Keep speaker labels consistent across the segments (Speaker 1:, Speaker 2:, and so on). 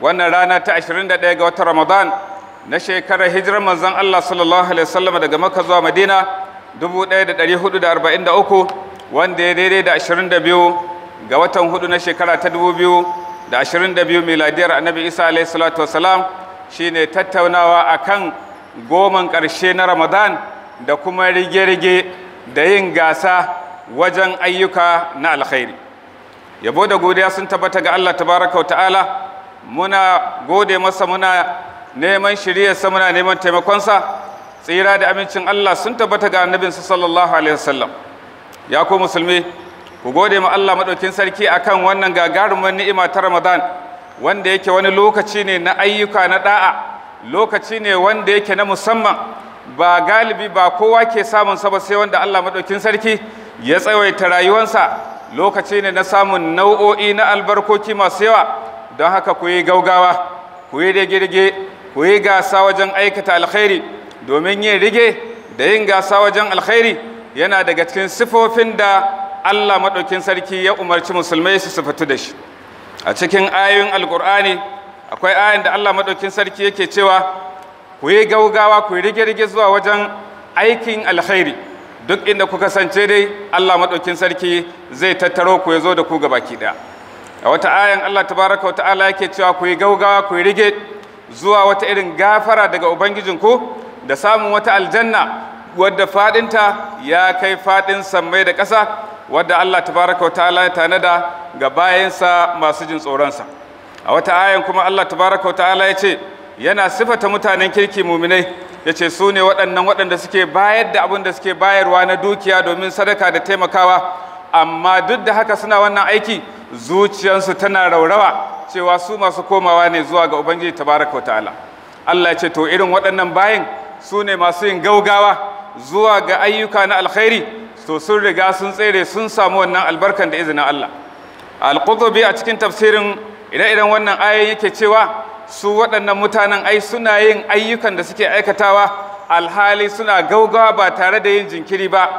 Speaker 1: wannan rana ta 21 ga watan Ramadan na shekarar hijirar manzon Allah sallallahu alaihi wasallam daga Makka zuwa Madina 1443 wanda ya daidai da 22 ga watan hudu na shekara ta 2022 miladiyar Annabi Isa alaihi salatu wasalam shine tattaunawa akan goman karshe na Ramadan da kuma rige-rige da yin gasa wajen ayyuka na alkhairi yabo da godiya sun tabbata ga Allah tabaraka wa ta'ala muna gode masa muna neman sa muna neman taimakonsa tsira da amincin Allah sun tabbata ga annabinsa sallallahu alaihi wasallam ya ku musulmi ku gode ma Allah madaukin sarki akan wannan gagarumar ni'ima ta Ramadan wanda yake wani lokaci ne na ayyuka na da'a lokaci ne wanda yake na musamman ba galibi ba kowa ke samun sa ba sai wanda Allah madaukin sarki ya tsawaita rayuwarsa lokaci ne na samun nau'o'i na albarkoki masu yawa don haka ku yi gaugawa ku yi rige-rige ku yi gasa wajen aikata alkhairi domin yin rige da yin gasa wajen alkhairi yana daga cikin sifofin da Allah maɗaukin sarki ya umarci musulmai su sifatu da shi a cikin ayoyin alkur'ani akwai ayin da Allah maɗaukin sarki yake cewa ku yi gaugawa ku yi rige-rige zuwa wajen aikin alkhairi duk inda ku kasance dai Allah maɗaukin sarki zai tattaro ku ya zo da ku ga baki ɗaya a wata ayan Allah tabaraka wa ta'ala yake cewa ku yi gaugawa ku yi rige zuwa wata irin gafara daga ubangijinku da samun wata aljanna wadda fadinta ya kai fadin sammai da ƙasa wadda Allah tabaraka wa ta'ala ya tanada ga bayansa masu jin tsoronsa a wata ayan kuma Allah tabaraka wa ta'ala ya ce yana sifata mutanen kirki muminai ya ce su ne waɗannan waɗanda suke bayar da abin da suke bayarwa na dukiya domin sadaka da taimakawa amma duk da haka suna wannan aiki zuciyarsu tana raurawa cewa su masu komawa ne zuwa ga ubangiji tabaraka wa ta'ala Allah ce to irin waɗannan bayan su ne masu yin gaugawa zuwa ga ayyuka na alkhairi to sun riga sun tsere sun samu wannan albarkan da izinin Allah al a cikin tafsirin ire-iren wannan ayoyi yake cewa su waɗannan mutanen ai suna yin ayyukan da suke aikatawa alhali suna gaugawa ba tare da yin jinkiri ba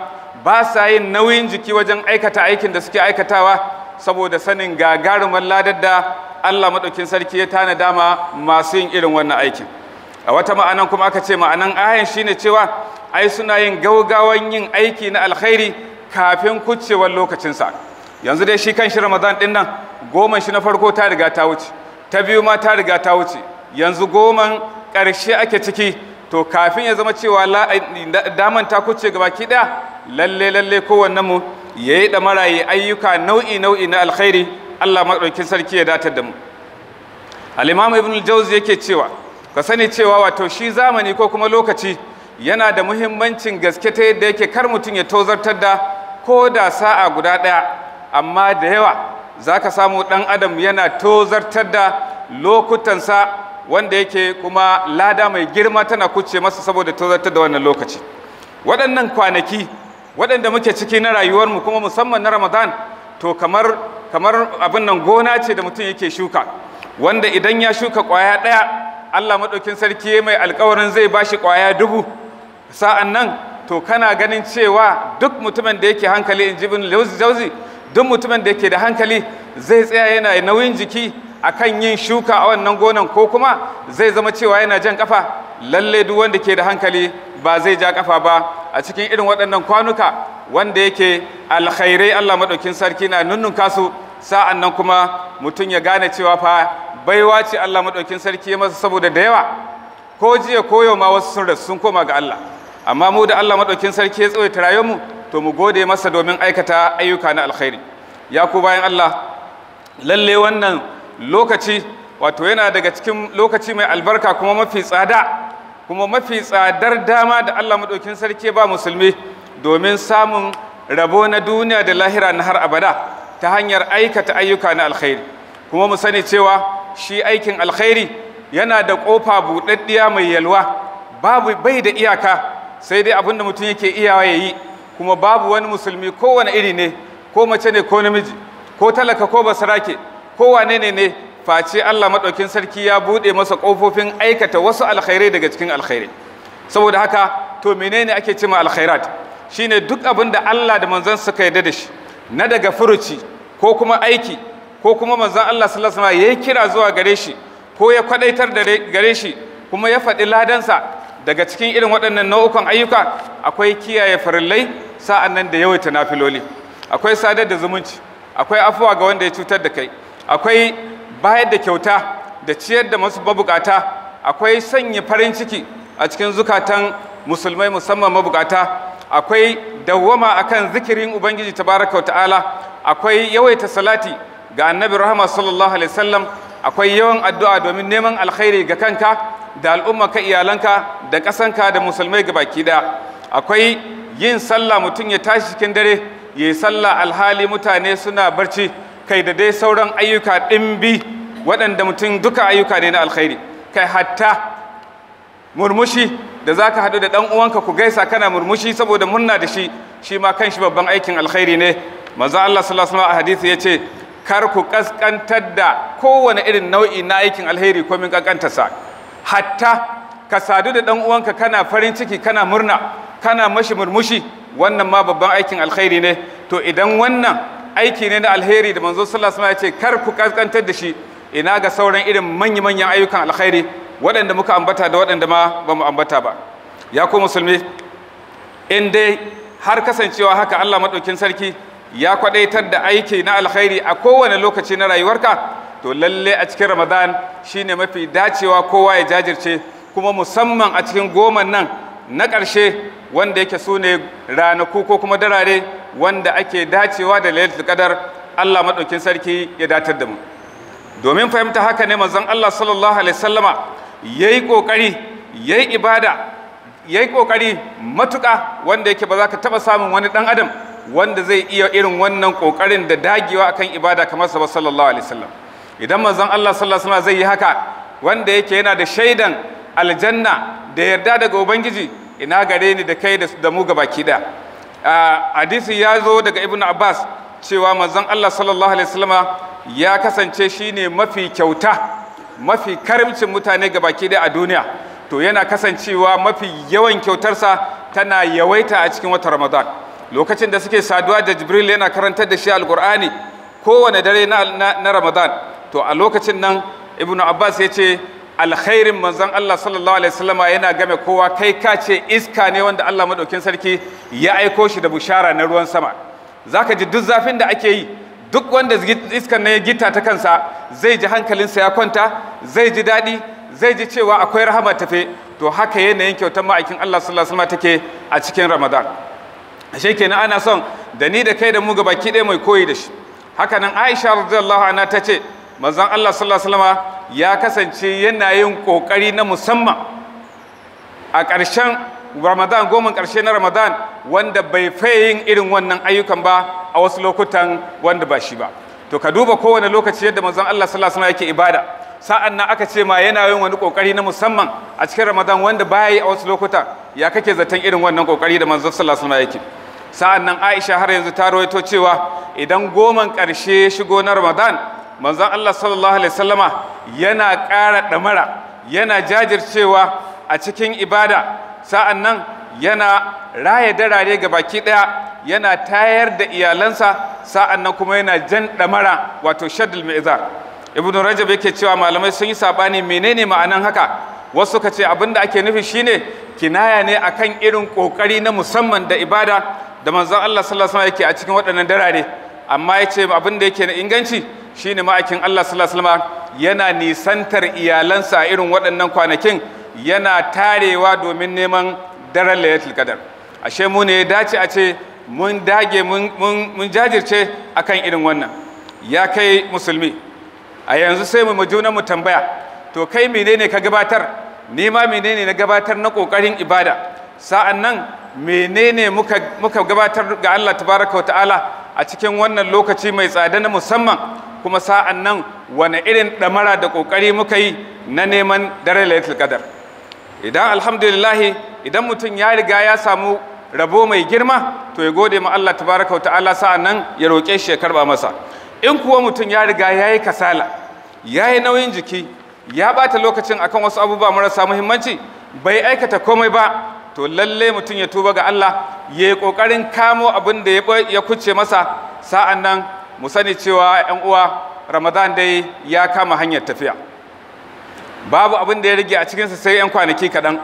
Speaker 1: ba sa yin nauyin jiki wajen aikata aikin da suke aikatawa saboda sanin gagarumin ladar da Allah maɗaukin sarki ya tana dama masu yin irin wannan aikin a wata ma'anan kuma aka ce ma'anan ayan shine cewa ai suna yin gaugawan yin aiki na alkhairi kafin kucewar lokacinsa yanzu dai shi kan shi ramadan ɗin nan goman shi na farko ta riga ta wuce ta biyu ma ta riga ta wuce yanzu goma ƙarshe ake ciki to kafin ya zama cewa daman ta kuce gabaki ɗaya lalle lalle kowanne mu ya yi ɗamara ayyuka nau'i nau'i na alkhairi allah maɗaukin sarki ya datar da mu al'imamu ibn jauz yake cewa ka sani cewa wato shi zamani ko kuma lokaci yana da muhimmancin gaske ta yadda yake kar mutum ya tozartar da ko da sa'a guda ɗaya amma da yawa za ka samu ɗan adam yana tozartar da lokutansa wanda yake kuma lada mai girma tana kuce masa saboda tozartar da wannan lokaci waɗannan kwanaki waɗanda muke ciki na rayuwarmu kuma musamman na ramadan to kamar kamar abin nan gona ce da mutum yake shuka wanda idan ya shuka ƙwaya ɗaya allah maɗaukin sarki mai alkawarin zai bashi shi ƙwaya dubu sa'an nan to kana ganin cewa duk mutumin da yake hankali in jibin jauzi duk mutumin da yake da hankali zai tsaya yana nauyin jiki akan yin shuka a wannan gonan ko kuma zai zama cewa yana jan kafa lalle duk wanda ke da hankali ba zai ja kafa ba a cikin irin waɗannan kwanuka wanda yake alkhairai Allah maɗaukin sarki na nunnunka su sa'an nan kuma mutum ya gane cewa fa baiwa ce Allah maɗaukin sarki ya masa saboda da yawa ko jiya ko yau ma wasu sun rasu sun koma ga Allah amma mu da Allah maɗaukin sarki ya tsawaita rayuwarmu to mu gode masa domin aikata ayyuka na alkhairi ya ku bayan Allah lalle wannan lokaci wato yana daga cikin lokaci mai albarka kuma mafi tsada kuma mafi tsadar dama da Allah maɗaukin sarki ba musulmi domin samun rabo na duniya da lahira na har abada ta hanyar aikata ayyuka na alkhairi kuma mu sani cewa shi aikin alkhairi yana da ƙofa buɗaɗɗiya mai yalwa babu bai da iyaka sai dai abin mutum yake iyawa ya yi kuma babu wani musulmi kowane iri ne ko mace ne ko namiji ko talaka ko basarake ko wane ne ne face Allah maɗaukin sarki ya buɗe masa ƙofofin aikata wasu alkhairai daga cikin alkhairai saboda haka to menene ake cima alkhairat shine duk abin da Allah da manzon suka yarda da shi na daga furuci ko kuma aiki ko kuma manzon Allah sallallahu alaihi ya kira zuwa gare shi ko ya kwadaitar da gare shi kuma ya faɗi ladansa daga cikin irin waɗannan nau'ukan ayyuka akwai kiyaye farillai sa'an nan da yawaita nafiloli akwai sadar da zumunci akwai afuwa ga wanda ya cutar da kai akwai bayar da kyauta da ciyar da masu mabukata akwai sanya farin ciki a cikin zukatan musulmai musamman mabukata akwai dawwama akan zikirin ubangiji tabaraka wa ta'ala akwai yawaita salati ga annabi rahama sallallahu alaihi wasallam akwai yawan addu'a domin neman alkhairi ga kanka da al'umma ka iyalanka da kasanka da musulmai ga baki ɗaya akwai yin sallah mutum ya tashi cikin dare yayi sallah alhali mutane suna barci kai da dai sauran ayyuka ɗimbi waɗanda mutum duka ayyuka ne na alkhairi kai hatta murmushi da za ka haɗu da ɗan uwanka ku gaisa kana murmushi saboda murna da shi shi ma kan shi babban aikin alkhairi ne Maza Allah sallallahu alaihi a hadisi ya ce kar ku kaskantar da kowane irin nau'i na aikin alheri ko min kankantarsa hatta ka sadu da ɗan uwanka kana farin ciki kana murna kana mashi murmushi wannan ma babban aikin alkhairi ne to idan wannan aiki ne na alheri da manzo sallallahu alaihi wasallam ya ce kar ku kaskantar da shi ina ga sauran irin manya-manyan ayyukan alkhairi waɗanda muka ambata da waɗanda ma bamu ambata ba ya ku musulmi in dai har kasancewa haka Allah madaukin sarki ya kwaɗaitar da aiki na alkhairi a kowane lokaci na rayuwarka to lalle a cikin ramadan shine mafi dacewa kowa ya jajirce kuma musamman a cikin goma nan na ƙarshe wanda yake su ne ranaku ko kuma darare wanda ake dacewa da lailatul qadar Allah madaukin sarki ya datar da mu domin fahimta haka ne manzon Allah sallallahu alaihi wasallama yayi kokari yayi ibada yayi kokari matuka wanda yake ba za ka taba samun wani dan adam wanda zai iya irin wannan kokarin da dagewa akan ibada kamar sa sallallahu alaihi wasallam idan manzon Allah sallallahu alaihi wasallama zai yi haka wanda yake yana da shaidan aljanna da yarda daga ubangiji ina gare ni da kai da mu gabaki daya hadisi ya zo daga ibn abbas cewa manzon allah sallallahu alaihi wasallama ya kasance shine mafi kyauta mafi karimcin mutane ga baki ɗaya a duniya to yana kasancewa mafi yawan kyautarsa tana yawaita a cikin watan ramadan lokacin da suke saduwa da jibril yana karantar da shi alkur'ani kowane dare na, ramadan to a lokacin nan ibnu abbas ya ce alkhairin manzon Allah sallallahu alaihi wasallama yana game kowa kai ka ce iska ne wanda Allah madaukin sarki ya aiko shi da bushara na ruwan sama zaka ji duk zafin da ake yi duk wanda iskan na ya gita ta kansa zai ji hankalinsa ya kwanta zai ji daɗi zai ji cewa akwai rahama tafe to haka yanayin kyautar ma'aikin Allah sallallahu alaihi take a cikin Ramadan ashe kenan ana son da ni da kai da mu gabaki ɗaya mai koyi da shi haka nan Aisha radiyallahu anha ta ce manzon Allah sallallahu alaihi wasallam ya kasance yana yin kokari na musamman a ƙarshen ramadan goma ƙarshe na ramadan wanda bai fayin irin wannan ayyukan ba a wasu lokutan wanda ba shi ba to ka duba kowane lokaci yadda manzon Allah sallallahu alaihi yake ibada sa'an nan aka ce ma yana yin wani kokari na musamman a cikin ramadan wanda baya yi a wasu lokuta ya kake zaton irin wannan kokari da manzon sallallahu alaihi yake sa'an nan Aisha har yanzu ta rawaito cewa idan goman ƙarshe shigo na ramadan manzon Allah sallallahu alaihi wasallama yana ƙara ɗamara yana jajircewa a cikin ibada sa'an nan yana raya darare ga baki ɗaya yana tayar da iyalansa sa'an nan kuma yana jan ɗamara wato shaddul ma'iza. ibn rajab yake cewa malamai sun yi saɓani menene ma'anan haka wasu ka ce abin da ake nufi shine kinaya ne akan irin ƙoƙari na musamman da ibada da manzon Allah sallallahu alaihi wasallama yake a cikin waɗannan darare amma ya ce abin da yake na inganci shine ma'aikin Allah sallallahu alaihi yana nisantar iyalansa a irin waɗannan kwanakin yana tarewa domin neman daren laylatul qadar ashe mu ne ya dace a ce mun dage mun jajirce akan irin wannan ya kai musulmi a yanzu sai mu juna mu tambaya to kai menene ka gabatar ni ma menene na gabatar na kokarin ibada sa'an nan menene muka gabatar ga Allah tabaraka wa ta'ala a cikin wannan lokaci mai tsada na musamman kuma sa'an nan wane irin ɗamara da ƙoƙari muka yi na neman dare lailatul qadar idan alhamdulillahi idan mutum ya riga ya samu rabo mai girma to ya gode ma Allah tabaraka wa ta'ala sa'an nan ya roƙe shi ya karba masa in kuwa mutum ya riga ya yi kasala ya yi nauyin jiki ya ɓata lokacin akan wasu abubuwa marasa muhimmanci bai aikata komai ba to lalle mutum ya tuba ga Allah ya yi ƙoƙarin kamo abin da ya kuce masa sa'an nan mu sani cewa 'yan uwa ramadan dai ya kama hanyar tafiya babu abin da ya rage a cikinsa sai 'yan kwanaki kaɗan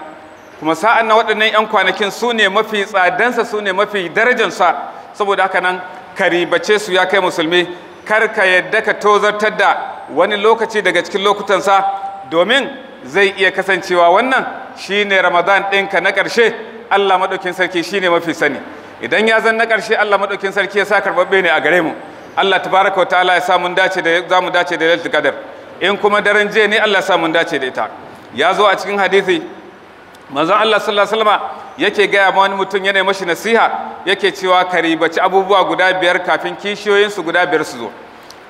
Speaker 1: kuma sa'an nan waɗannan 'yan kwanakin su ne mafi tsadansa su ne mafi darajansa saboda haka nan karibace su ya kai musulmi kar ka yadda ka tozartar da wani lokaci daga cikin lokutansa domin zai iya kasancewa wannan shine ramadan ɗinka na ƙarshe Allah maɗaukin sarki shine mafi sani idan ya zan na ƙarshe Allah maɗaukin sarki ya sa karɓaɓɓe ne a gare mu Allah tabaraka wa ta'ala ya sa mun dace da za mu dace da lailatul qadar in kuma daren je ne Allah ya sa mun dace da ita ya zo a cikin hadisi manzon Allah sallallahu alaihi wasallam yake gaya ma wani mutum yana mashi nasiha yake cewa ka ribaci abubuwa guda biyar kafin kishiyoyinsu guda biyar su zo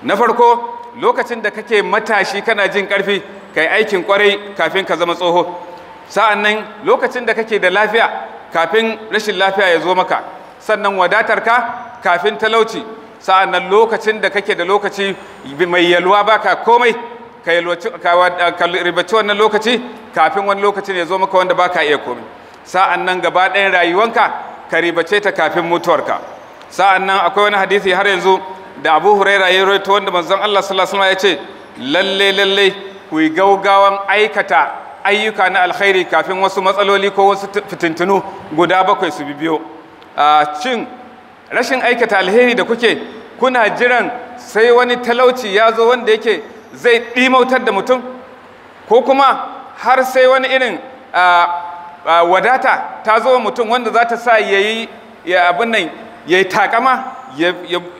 Speaker 1: na farko lokacin da kake matashi kana jin karfi kai aikin kwarai kafin ka zama tsoho sa'an nan lokacin da kake da lafiya kafin rashin lafiya ya zo maka sannan wadatar ka kafin talauci sa'an nan lokacin da kake da lokaci mai yalwa baka komai ka ribaci wannan lokaci kafin wani lokacin ya zo maka wanda baka iya komai sa'an nan gaba ɗayan rayuwanka ka ribace ta kafin mutuwarka sa'an nan akwai wani hadisi har yanzu da abu huraira ya rawaito wanda manzon allah sallallahu alaihi wasallam ya ce lalle lalle ku yi gaugawan aikata ayyuka na alkhairi kafin wasu matsaloli ko wasu fitintunu guda bakwai su bibiyo cin rashin aikata alheri da kuke kuna jiran sai wani talauci ya zo wanda yake zai ɗimautar da mutum ko kuma har sai wani irin wadata ta zo mutum wanda za ta sa ya yi abin nan ya yi takama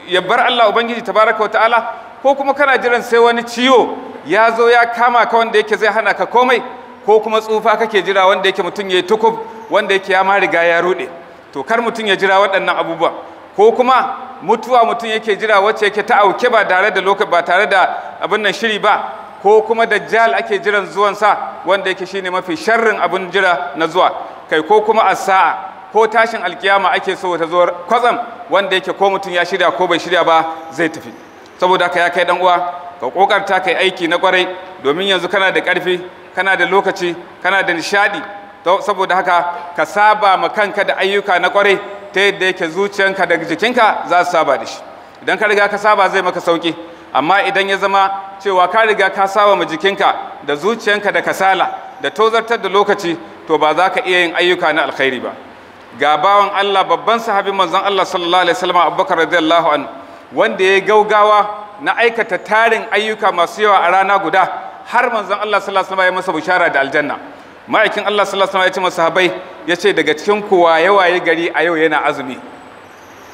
Speaker 1: ya bar Allah Ubangiji tabaraka wa ta'ala ko kuma kana jiran sai wani ciwo ya zo ya kama ka wanda yake zai hana ka komai ko kuma tsufa kake jira wanda yake mutum ya yi tukub wanda yake ya ma riga ya ruɗe to kar mutum ya jira waɗannan abubuwa ko kuma mutuwa mutum yake jira wacce yake ta auke ba tare da lokaci ba tare da abin nan shiri ba ko kuma dajjal ake jiran zuwan sa wanda yake shine mafi sharrin abin jira na zuwa kai ko kuma asa'a ko tashin alkiyama ake so ta zo kwatsam wanda yake ko mutum ya shirya ko bai shirya ba zai tafi saboda haka ya kai dan uwa ka kokarta kai aiki na kwarai domin yanzu kana da karfi kana da lokaci kana da nishadi saboda haka ka saba ma kanka da ayyuka na kware ta yadda yake zuciyanka da jikinka za su saba da shi idan ka riga ka saba zai maka sauki amma idan ya zama cewa ka riga ka saba ma jikinka da zuciyanka da kasala da tozartar da lokaci to ba za ka iya yin ayyuka na alkhairi ba ga bawan Allah babban sahabin manzon Allah sallallahu alaihi wasallam Abubakar radiyallahu anhu wanda ya gaugawa na aikata tarin ayyuka masu yawa a rana guda har manzon Allah sallallahu alaihi wasallam ya masa bushara da aljanna ma'aikin Allah sallallahu alaihi wasallam ya ce masa sahabbai ya ce daga cikin ku waye waye gari a yau yana azumi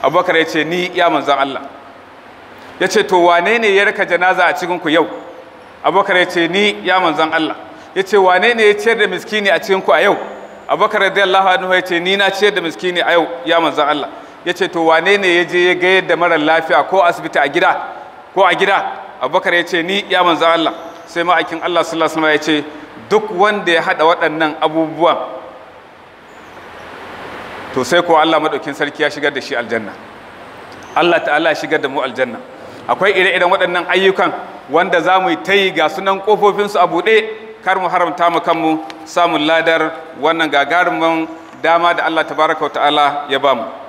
Speaker 1: Abubakar ya ce ni ya manzon Allah ya ce to wane ne ya raka janaza a cikin ku yau Abubakar ya ce ni ya manzon Allah ya ce wane ne ya ciyar da miskini a cikin ku a yau Abubakar radiyallahu anhu ya ce ni na ciyar da miskini a yau ya manzon Allah ya ce to wane ne ya je ya ga yadda mara lafiya ko asibiti a gida ko a gida Abubakar ya ce ni ya manzon Allah sai ma'aikin Allah sallallahu alaihi ya ce duk wanda ya hada waɗannan abubuwan to sai ko Allah madaukin sarki ya shigar da shi aljanna Allah ta'ala ya shigar da mu aljanna akwai ire-iren waɗannan ayyukan wanda za mu yi ta yi ga sunan ƙofofinsu a buɗe kar mu haramta mu kanmu samun ladar wannan gagarumin dama da Allah tabaraka wa ta'ala ya bamu.